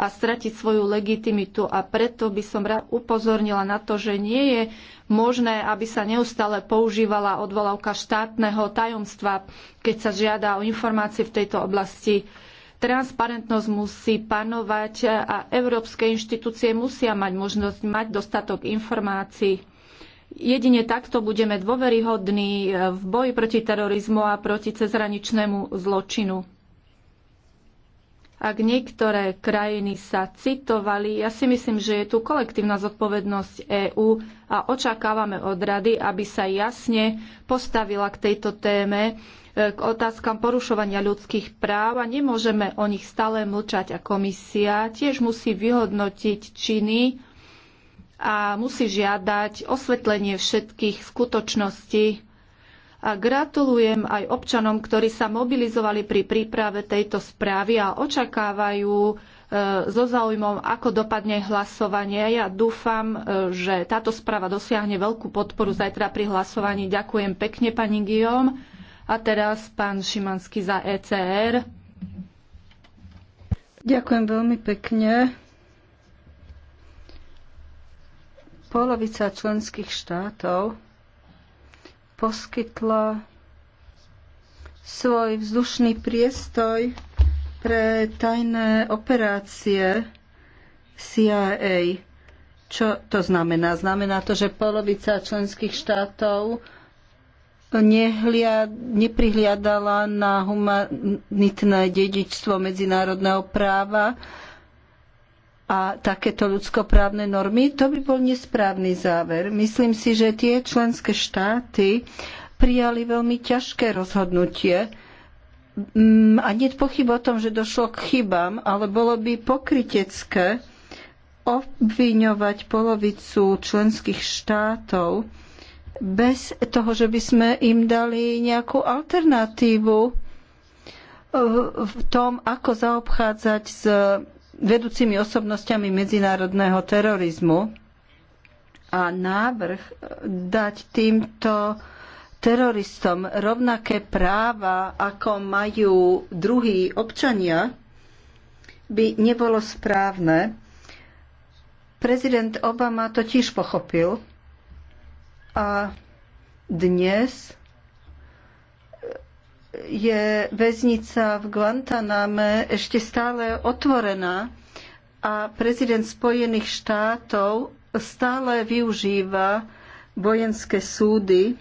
a stratiť svoju legitimitu a preto by som upozornila na to, že nie je možné, aby sa neustále používala odvolávka štátneho tajomstva, keď sa žiada o informácie v tejto oblasti. Transparentnosť musí panovať a európske inštitúcie musia mať možnosť mať dostatok informácií. Jedine takto budeme dôveryhodní v boji proti terorizmu a proti cezhraničnému zločinu. Ak niektoré krajiny sa citovali, ja si myslím, že je tu kolektívna zodpovednosť EÚ a očakávame od rady, aby sa jasne postavila k tejto téme, e, k otázkam porušovania ľudských práv a nemôžeme o nich stále mlčať a komisia tiež musí vyhodnotiť činy a musí žiadať osvetlenie všetkých skutočností. A gratulujem aj občanom, ktorí sa mobilizovali pri príprave tejto správy a očakávajú E, so záujmom, ako dopadne hlasovanie. Ja dúfam, e, že táto správa dosiahne veľkú podporu zajtra pri hlasovaní. Ďakujem pekne, pani Guillaume. A teraz pán Šimanský za ECR. Ďakujem veľmi pekne. Polovica členských štátov poskytla svoj vzdušný priestoj pre tajné operácie CIA. Čo to znamená? Znamená to, že polovica členských štátov nehliad, neprihliadala na humanitné dedičstvo medzinárodného práva a takéto ľudskoprávne normy, to by bol nesprávny záver. Myslím si, že tie členské štáty prijali veľmi ťažké rozhodnutie, Mm, a nie pochyb o tom, že došlo k chybám, ale bolo by pokrytecké obviňovať polovicu členských štátov bez toho, že by sme im dali nejakú alternatívu v tom, ako zaobchádzať s vedúcimi osobnosťami medzinárodného terorizmu. A návrh dať týmto teroristom rovnaké práva, ako majú druhí občania, by nebolo správne. Prezident Obama to tiež pochopil a dnes je väznica v Guantaname ešte stále otvorená a prezident Spojených štátov stále využíva vojenské súdy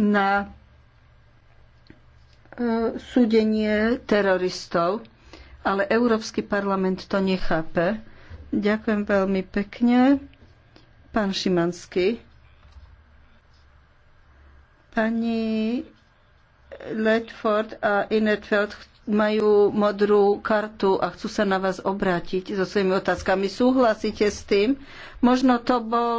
na e, súdenie teroristov, ale Európsky parlament to nechápe. Ďakujem veľmi pekne. Pán Šimanský. Pani Ledford a Inetfeld majú modrú kartu a chcú sa na vás obrátiť so svojimi otázkami. Súhlasíte s tým? Možno to bol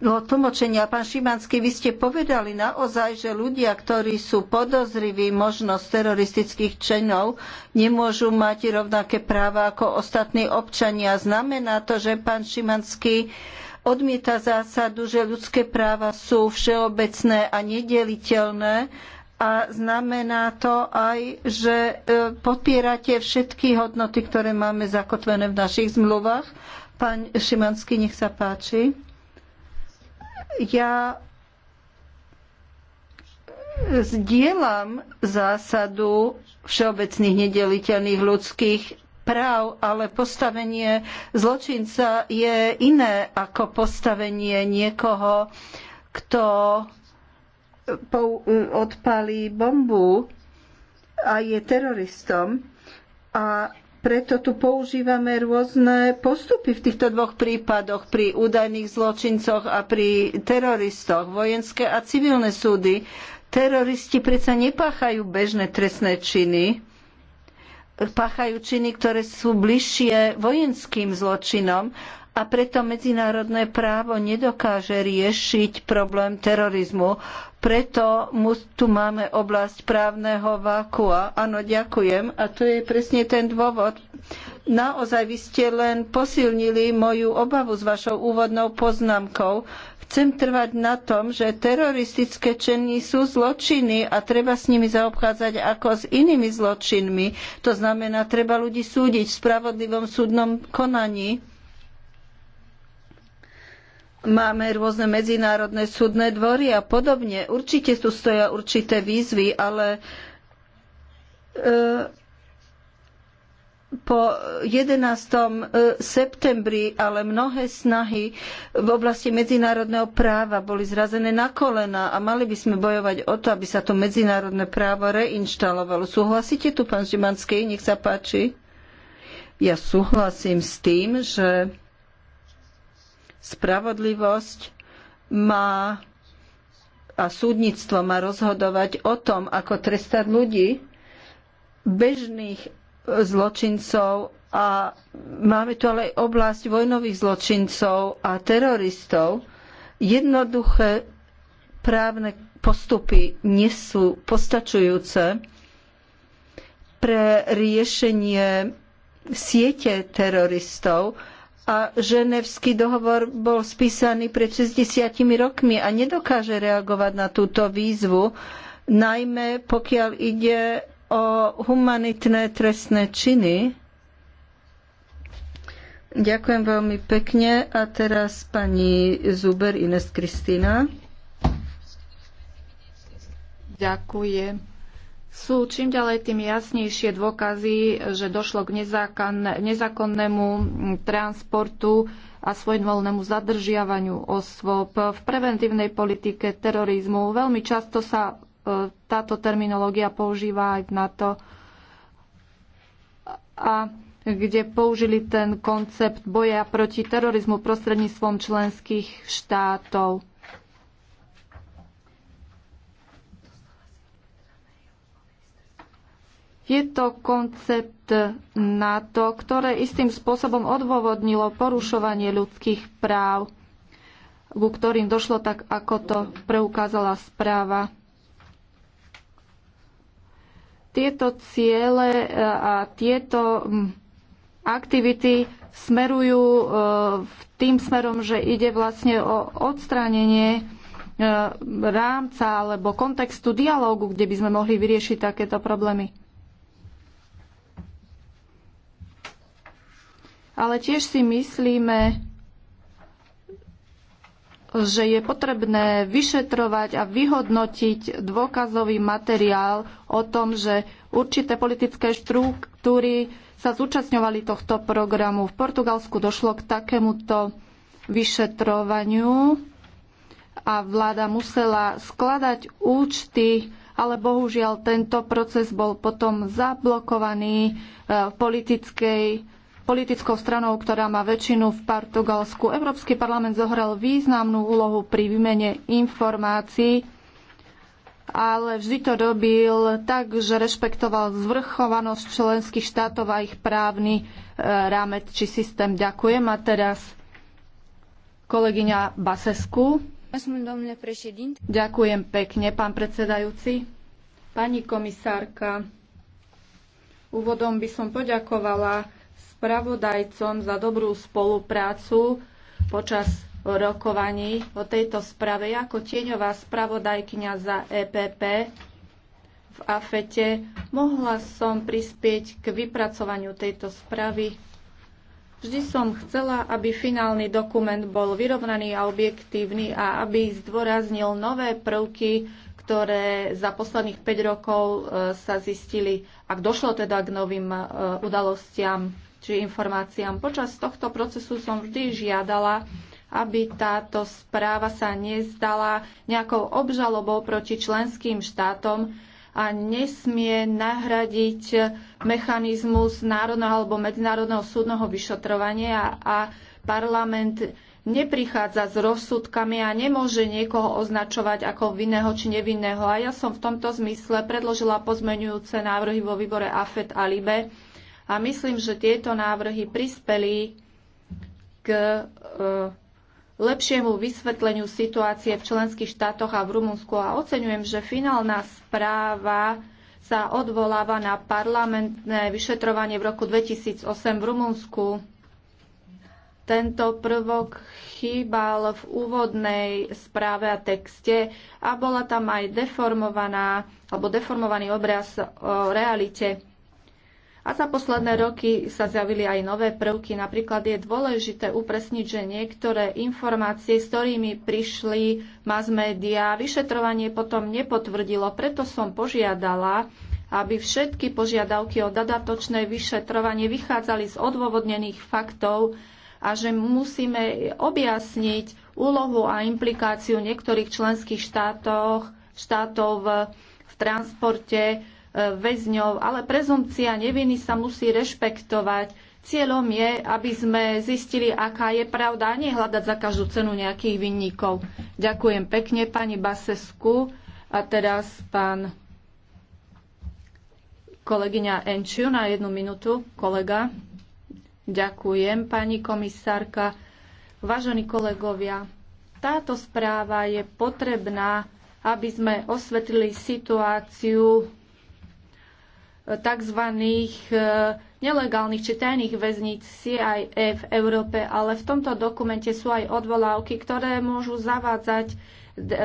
No, tlmočenia. Pán Šimanský, vy ste povedali naozaj, že ľudia, ktorí sú podozriví možnosť teroristických činov, nemôžu mať rovnaké práva ako ostatní občania. Znamená to, že pán Šimanský odmieta zásadu, že ľudské práva sú všeobecné a nedeliteľné a znamená to aj, že e, popierate všetky hodnoty, ktoré máme zakotvené v našich zmluvách. Pán Šimanský, nech sa páči. Ja zdieľam zásadu všeobecných nedeliteľných ľudských práv, ale postavenie zločinca je iné ako postavenie niekoho, kto odpalí bombu a je teroristom. A preto tu používame rôzne postupy v týchto dvoch prípadoch pri údajných zločincoch a pri teroristoch, vojenské a civilné súdy. Teroristi predsa nepáchajú bežné trestné činy, páchajú činy, ktoré sú bližšie vojenským zločinom a preto medzinárodné právo nedokáže riešiť problém terorizmu. Preto tu máme oblasť právneho vákua. Áno, ďakujem. A to je presne ten dôvod. Naozaj vy ste len posilnili moju obavu s vašou úvodnou poznámkou. Chcem trvať na tom, že teroristické činy sú zločiny a treba s nimi zaobchádzať ako s inými zločinmi. To znamená, treba ľudí súdiť v spravodlivom súdnom konaní Máme rôzne medzinárodné súdne dvory a podobne. Určite tu stoja určité výzvy, ale e, po 11. E, septembri, ale mnohé snahy v oblasti medzinárodného práva boli zrazené na kolena a mali by sme bojovať o to, aby sa to medzinárodné právo reinštalovalo. Súhlasíte tu, pán Žimanský? Nech sa páči. Ja súhlasím s tým, že Spravodlivosť má a súdnictvo má rozhodovať o tom, ako trestať ľudí, bežných zločincov a máme tu ale aj oblasť vojnových zločincov a teroristov. Jednoduché právne postupy nie sú postačujúce pre riešenie siete teroristov a ženevský dohovor bol spísaný pred 60 rokmi a nedokáže reagovať na túto výzvu, najmä pokiaľ ide o humanitné trestné činy. Ďakujem veľmi pekne a teraz pani Zuber Ines Kristina. Ďakujem sú čím ďalej tým jasnejšie dôkazy, že došlo k nezákonnému transportu a svojvoľnému zadržiavaniu osôb. V preventívnej politike terorizmu veľmi často sa e, táto terminológia používa aj v NATO a kde použili ten koncept boja proti terorizmu prostredníctvom členských štátov. Je to koncept NATO, ktoré istým spôsobom odôvodnilo porušovanie ľudských práv, ku ktorým došlo tak, ako to preukázala správa. Tieto ciele e, a tieto aktivity smerujú e, v tým smerom, že ide vlastne o odstránenie e, rámca alebo kontextu dialógu, kde by sme mohli vyriešiť takéto problémy. ale tiež si myslíme, že je potrebné vyšetrovať a vyhodnotiť dôkazový materiál o tom, že určité politické štruktúry sa zúčastňovali tohto programu. V Portugalsku došlo k takémuto vyšetrovaniu a vláda musela skladať účty, ale bohužiaľ tento proces bol potom zablokovaný eh, v politickej politickou stranou, ktorá má väčšinu v Portugalsku. Európsky parlament zohral významnú úlohu pri výmene informácií, ale vždy to robil tak, že rešpektoval zvrchovanosť členských štátov a ich právny e, rámec či systém. Ďakujem. A teraz kolegyňa Basesku. Ďakujem pekne, pán predsedajúci. Pani komisárka, úvodom by som poďakovala spravodajcom za dobrú spoluprácu počas rokovaní o tejto sprave. Ako tieňová spravodajkňa za EPP v AFETE mohla som prispieť k vypracovaniu tejto správy. Vždy som chcela, aby finálny dokument bol vyrovnaný a objektívny a aby zdôraznil nové prvky, ktoré za posledných 5 rokov e, sa zistili, ak došlo teda k novým e, udalostiam či informáciám. Počas tohto procesu som vždy žiadala, aby táto správa sa nezdala nejakou obžalobou proti členským štátom a nesmie nahradiť mechanizmus národného alebo medzinárodného súdneho vyšetrovania a parlament neprichádza s rozsudkami a nemôže niekoho označovať ako vinného či nevinného. A ja som v tomto zmysle predložila pozmenujúce návrhy vo výbore AFET a LIBE, a myslím, že tieto návrhy prispeli k e, lepšiemu vysvetleniu situácie v členských štátoch a v Rumunsku. A oceňujem, že finálna správa sa odvoláva na parlamentné vyšetrovanie v roku 2008 v Rumunsku. Tento prvok chýbal v úvodnej správe a texte a bola tam aj deformovaná alebo deformovaný obraz o realite. A za posledné roky sa zjavili aj nové prvky. Napríklad je dôležité upresniť, že niektoré informácie, s ktorými prišli mass media, vyšetrovanie potom nepotvrdilo. Preto som požiadala, aby všetky požiadavky o dodatočné vyšetrovanie vychádzali z odôvodnených faktov a že musíme objasniť úlohu a implikáciu niektorých členských štátov v transporte väzňov, ale prezumcia neviny sa musí rešpektovať. Cieľom je, aby sme zistili, aká je pravda a nehľadať za každú cenu nejakých vinníkov. Ďakujem pekne pani Basesku a teraz pán kolegyňa Enčiu na jednu minútu, kolega. Ďakujem, pani komisárka. Vážení kolegovia, táto správa je potrebná, aby sme osvetlili situáciu tzv. E, nelegálnych či tajných väzníc CIA v Európe, ale v tomto dokumente sú aj odvolávky, ktoré môžu zavádzať. E,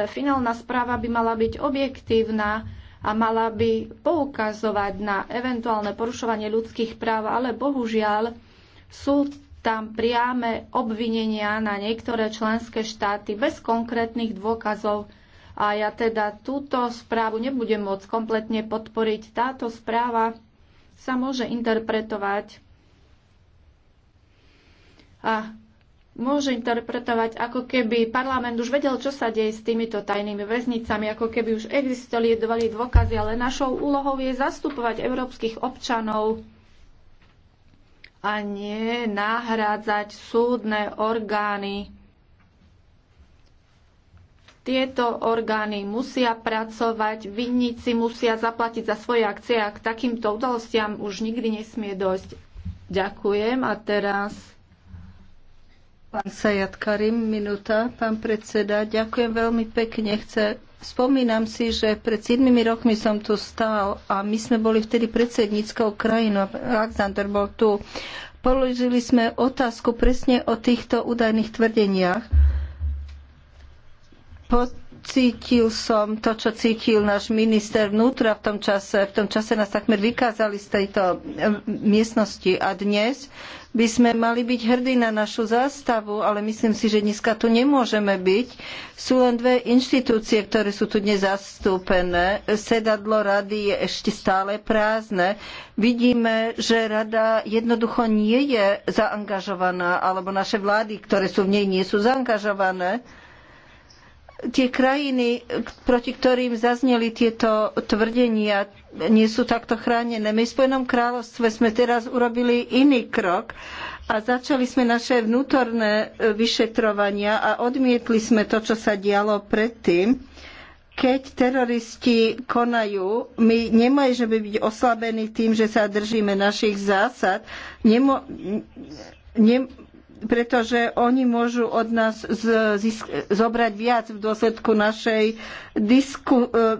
finálna správa by mala byť objektívna a mala by poukazovať na eventuálne porušovanie ľudských práv, ale bohužiaľ sú tam priame obvinenia na niektoré členské štáty bez konkrétnych dôkazov a ja teda túto správu nebudem môcť kompletne podporiť. Táto správa sa môže interpretovať a môže interpretovať, ako keby parlament už vedel, čo sa deje s týmito tajnými väznicami, ako keby už existovali dvali dôkazy, ale našou úlohou je zastupovať európskych občanov a nie nahrádzať súdne orgány tieto orgány musia pracovať, vinníci musia zaplatiť za svoje akcie a k takýmto udalostiam už nikdy nesmie dojsť. Ďakujem a teraz Pán Sajat Karim, minúta. Pán predseda, ďakujem veľmi pekne. Chce, spomínam si, že pred 7 rokmi som tu stál a my sme boli vtedy predsedníckou krajinou. Alexander bol tu. Položili sme otázku presne o týchto údajných tvrdeniach Pocítil som to, čo cítil náš minister vnútra v tom čase. V tom čase nás takmer vykázali z tejto e, miestnosti a dnes by sme mali byť hrdí na našu zástavu, ale myslím si, že dneska tu nemôžeme byť. Sú len dve inštitúcie, ktoré sú tu dnes zastúpené. Sedadlo rady je ešte stále prázdne. Vidíme, že rada jednoducho nie je zaangažovaná, alebo naše vlády, ktoré sú v nej, nie sú zaangažované tie krajiny, proti ktorým zazneli tieto tvrdenia, nie sú takto chránené. My v Spojenom kráľovstve sme teraz urobili iný krok a začali sme naše vnútorné e, vyšetrovania a odmietli sme to, čo sa dialo predtým. Keď teroristi konajú, my nemôžeme byť oslabení tým, že sa držíme našich zásad. Nemo, ne, pretože oni môžu od nás zobrať viac v dôsledku našej e,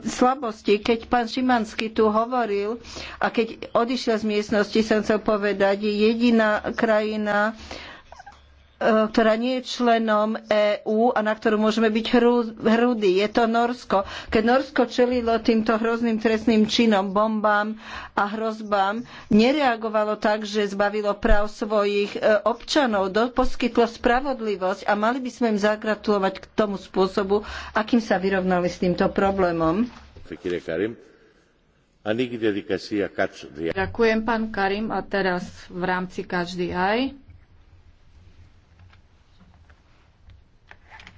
slabosti. Keď pán Šimanský tu hovoril a keď odišiel z miestnosti, som chcel povedať, je jediná krajina, E, ktorá nie je členom EÚ a na ktorú môžeme byť hrudí. Je to Norsko. Keď Norsko čelilo týmto hrozným trestným činom, bombám a hrozbám, nereagovalo tak, že zbavilo práv svojich e, občanov, poskytlo spravodlivosť a mali by sme im zagratulovať k tomu spôsobu, akým sa vyrovnali s týmto problémom. Ďakujem, pán Karim. A teraz v rámci každý aj.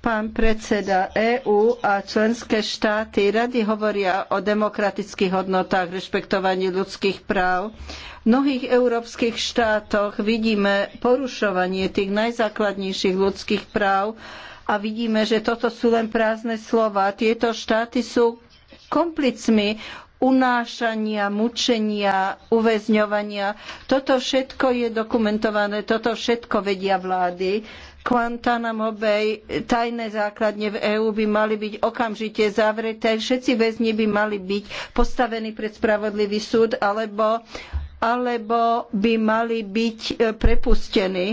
Pán predseda EÚ a členské štáty rady hovoria o demokratických hodnotách, rešpektovaní ľudských práv. V mnohých európskych štátoch vidíme porušovanie tých najzákladnejších ľudských práv a vidíme, že toto sú len prázdne slova. Tieto štáty sú komplicmi unášania, mučenia, uväzňovania. Toto všetko je dokumentované, toto všetko vedia vlády. Guantanamo Bay, tajné základne v EÚ by mali byť okamžite zavreté, všetci väzni by mali byť postavení pred spravodlivý súd alebo, alebo by mali byť e, prepustení.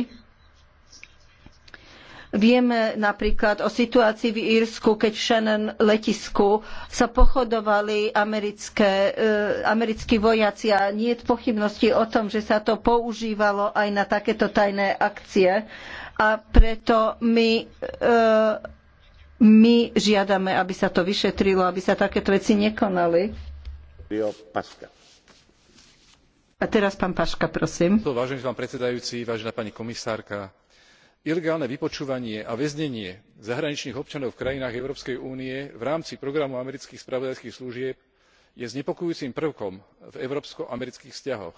Vieme napríklad o situácii v Írsku, keď v Shannon letisku sa pochodovali americké, e, americkí vojaci a nie je pochybnosti o tom, že sa to používalo aj na takéto tajné akcie a preto my, e, my žiadame, aby sa to vyšetrilo, aby sa takéto veci nekonali. A teraz pán Paška, prosím. Vážený pán predsedajúci, vážená pani komisárka, ilegálne vypočúvanie a väznenie zahraničných občanov v krajinách európskej únie v rámci programu amerických spravodajských služieb je znepokojujúcim prvkom v európsko amerických vzťahoch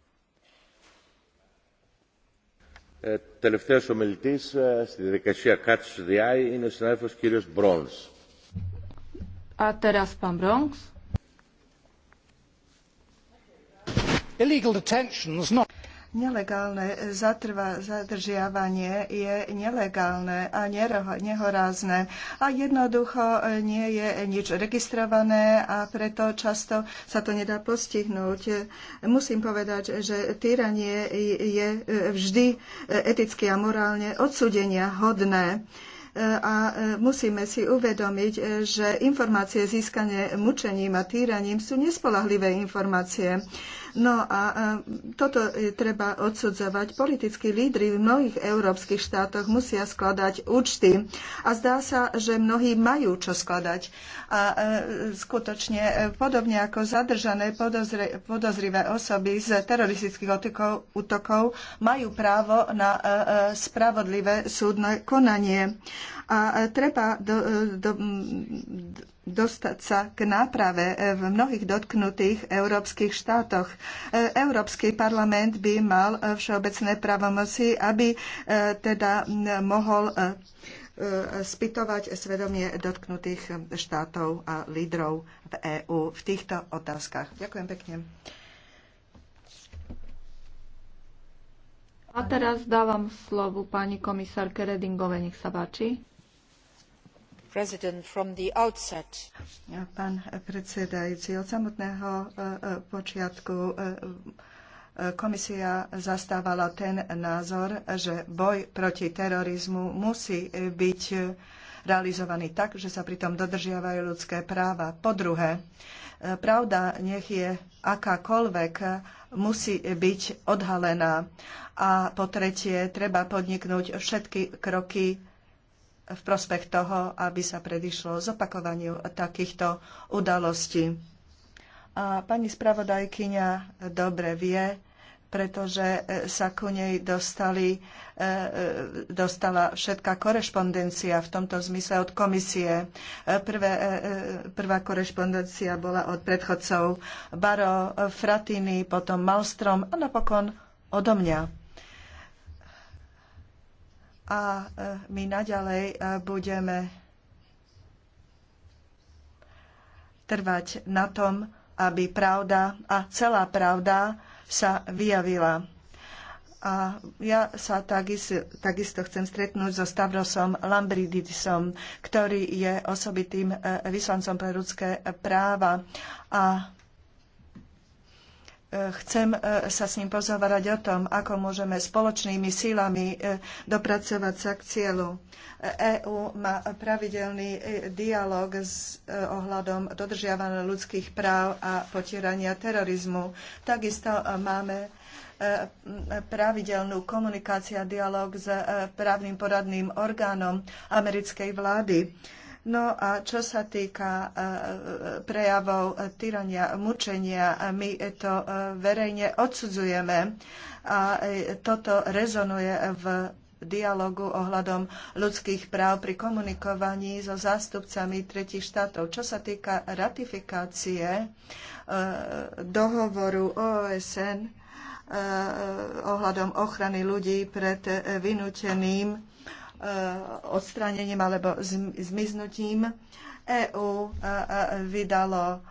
Τελευταίος ομιλητής στη διαδικασία Catch the Eye είναι ο συνάδελφος κύριος Μπρόνς. A teraz pán Bronx. Illegal detention is not Nelegálne zatrva, zadržiavanie je nelegálne a nehorázne a jednoducho e, nie je nič registrované a preto často sa to nedá postihnúť. Musím povedať, že týranie je e, vždy e, eticky a morálne odsudenia hodné a musíme si uvedomiť, že informácie získané mučením a týraním sú nespolahlivé informácie. No a toto e, treba odsudzovať. Politickí lídry v mnohých európskych štátoch musia skladať účty a zdá sa, že mnohí majú čo skladať. A e, skutočne e, podobne ako zadržané podozrivé osoby z teroristických útokov majú právo na spravodlivé súdne konanie a treba do, do, do, dostať sa k náprave e, v mnohých dotknutých európskych štátoch. E, Európsky parlament by mal e, všeobecné právomoci, aby teda mohol spytovať svedomie dotknutých štátov a lídrov v EÚ v týchto otázkach. Ďakujem pekne. A teraz dávam slovu pani komisárke Redingovej. nech sa páči. Pán predsedajúci, od samotného e, e, počiatku e, komisia zastávala ten názor, že boj proti terorizmu musí byť realizovaný tak, že sa pritom dodržiavajú ľudské práva. Po druhé, pravda nech je akákoľvek, musí byť odhalená. A po tretie, treba podniknúť všetky kroky v prospech toho, aby sa predišlo zopakovaniu takýchto udalostí. A pani spravodajkyňa dobre vie, pretože e, sa ku nej dostali, e, e, dostala všetká korešpondencia v tomto zmysle od komisie. Prvé, prvá korešpondencia bola od predchodcov Baro, Fratini, potom Malstrom a napokon odo mňa a e, my naďalej e, budeme trvať na tom, aby pravda a celá pravda sa vyjavila. A ja sa takisto, takisto chcem stretnúť so Stavrosom Lambridisom, ktorý je osobitým e, vyslancom pre ľudské práva. A chcem e, sa s ním pozhovárať o tom, ako môžeme spoločnými sílami e, dopracovať sa k cieľu. EÚ e má pravidelný dialog s ohľadom dodržiavania ľudských práv a potierania terorizmu. Takisto máme pravidelnú komunikáciu a dialog s právnym poradným orgánom americkej vlády. No a čo sa týka e, e, prejavov e, tyrania, mučenia, my to verejne odsudzujeme a toto rezonuje v dialogu ohľadom ľudských práv pri komunikovaní so zástupcami tretich štátov. Čo sa týka ratifikácie dohovoru OSN ohľadom ochrany ľudí pred vynúteným Eh, odstránením alebo zmiznutím EÚ e-, e-, vydalo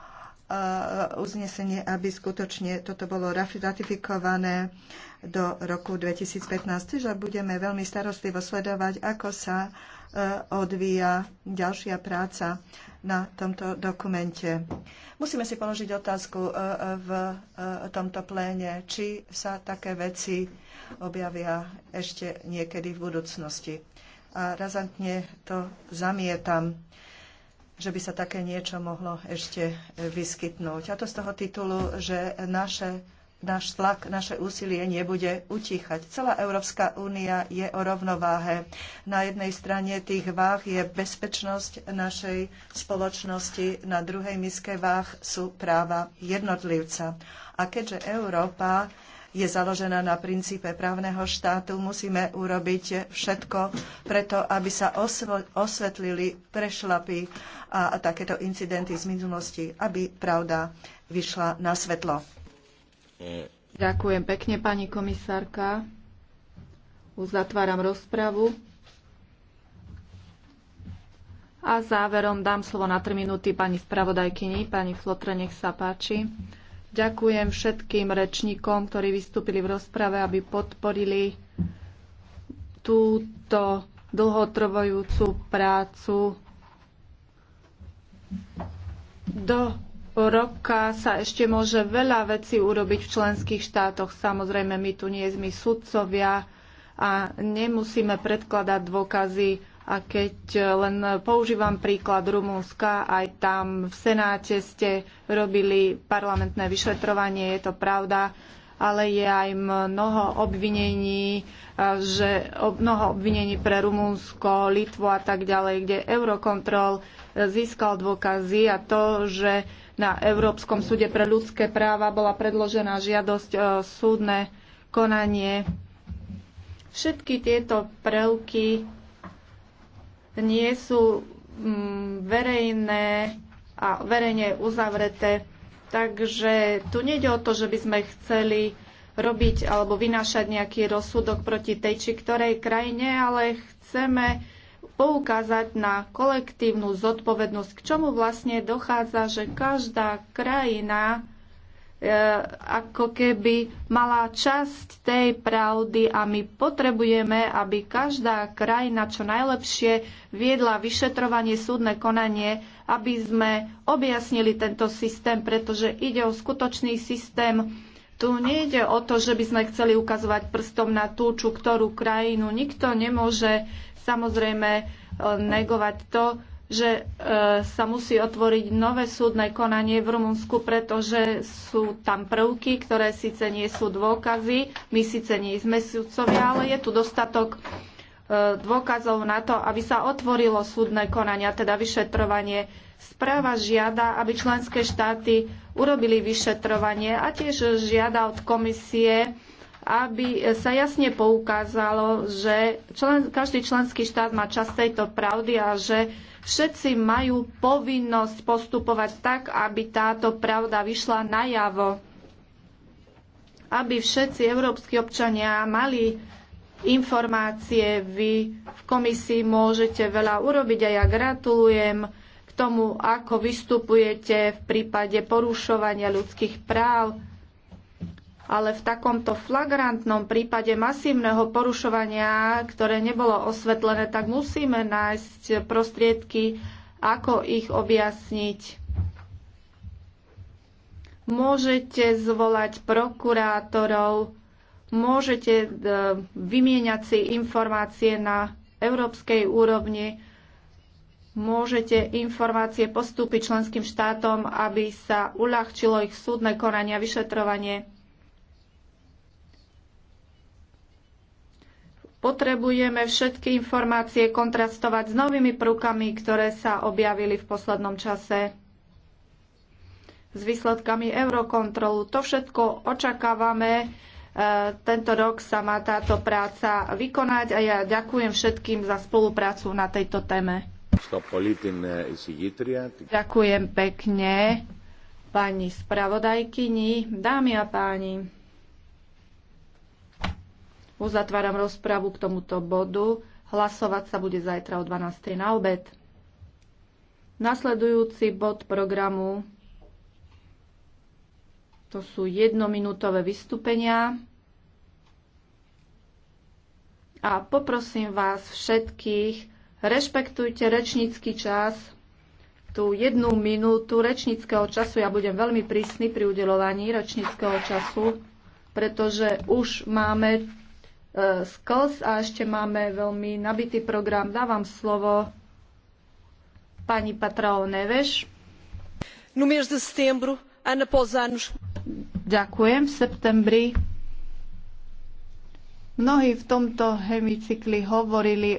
uznesenie, aby skutočne toto bolo ratifikované do roku 2015. že budeme veľmi starostlivo sledovať, ako sa e, odvíja ďalšia práca na tomto dokumente. Musíme si položiť otázku e, e, v tomto pléne, či sa také veci objavia ešte niekedy v budúcnosti. A razantne to zamietam že by sa také niečo mohlo ešte e, vyskytnúť. A to z toho titulu, že naše, náš tlak, naše úsilie nebude utíchať. Celá Európska únia je o rovnováhe. Na jednej strane tých váh je bezpečnosť našej spoločnosti, na druhej miske váh sú práva jednotlivca. A keďže Európa je založená na princípe právneho štátu. Musíme urobiť všetko preto, aby sa osvetlili prešlapy a takéto incidenty z minulosti, aby pravda vyšla na svetlo. Ďakujem pekne, pani komisárka. Uzatváram rozpravu. A záverom dám slovo na 3 minúty pani spravodajkyni, pani Flotre, nech sa páči. Ďakujem všetkým rečníkom, ktorí vystúpili v rozprave, aby podporili túto dlhotrvajúcu prácu. Do roka sa ešte môže veľa vecí urobiť v členských štátoch. Samozrejme, my tu nie sme sudcovia a nemusíme predkladať dôkazy a keď e, len používam príklad Rumúnska, aj tam v Senáte ste robili parlamentné vyšetrovanie, je to pravda, ale je aj mnoho obvinení, e, že mnoho obvinení pre Rumúnsko, Litvu a tak ďalej, kde Eurokontrol e, získal dôkazy a to, že na Európskom súde pre ľudské práva bola predložená žiadosť o súdne konanie. Všetky tieto prvky nie sú mm, verejné a verejne uzavreté. Takže tu nejde o to, že by sme chceli robiť alebo vynášať nejaký rozsudok proti tej či ktorej krajine, ale chceme poukázať na kolektívnu zodpovednosť, k čomu vlastne dochádza, že každá krajina E, ako keby mala časť tej pravdy a my potrebujeme, aby každá krajina čo najlepšie viedla vyšetrovanie, súdne konanie, aby sme objasnili tento systém, pretože ide o skutočný systém. Tu nejde o to, že by sme chceli ukazovať prstom na tú či ktorú krajinu. Nikto nemôže samozrejme e, negovať to, že e, sa musí otvoriť nové súdne konanie v Rumunsku, pretože sú tam prvky, ktoré síce nie sú dôkazy, my síce nie sme súdcovia, ale je tu dostatok e, dôkazov na to, aby sa otvorilo súdne konania, teda vyšetrovanie. Správa žiada, aby členské štáty urobili vyšetrovanie a tiež žiada od komisie, aby sa jasne poukázalo, že člen, každý členský štát má čas tejto pravdy a že Všetci majú povinnosť postupovať tak, aby táto pravda vyšla najavo. Aby všetci európsky občania mali informácie. Vy v komisii môžete veľa urobiť a ja gratulujem k tomu, ako vystupujete v prípade porušovania ľudských práv ale v takomto flagrantnom prípade masívneho porušovania, ktoré nebolo osvetlené, tak musíme nájsť prostriedky, ako ich objasniť. Môžete zvolať prokurátorov, môžete e, vymieňať si informácie na európskej úrovni, môžete informácie postúpiť členským štátom, aby sa uľahčilo ich súdne konanie a vyšetrovanie. Potrebujeme všetky informácie kontrastovať s novými prúkami, ktoré sa objavili v poslednom čase. S výsledkami Eurokontrolu to všetko očakávame. E, tento rok sa má táto práca vykonať a ja ďakujem všetkým za spoluprácu na tejto téme. Ďakujem pekne pani spravodajkyni, dámy a páni. Uzatváram rozpravu k tomuto bodu. Hlasovať sa bude zajtra o 12.00 na obed. Nasledujúci bod programu to sú jednominútové vystúpenia. A poprosím vás všetkých, rešpektujte rečnícky čas, tú jednu minútu rečníckého času. Ja budem veľmi prísny pri udelovaní rečníckého času, pretože už máme E, sklz a ešte máme veľmi nabitý program. Dávam slovo pani Patrao Neveš. No mês de setembro, ano após anos. Ďakujem. V septembri mnohí v tomto hemicykli hovorili o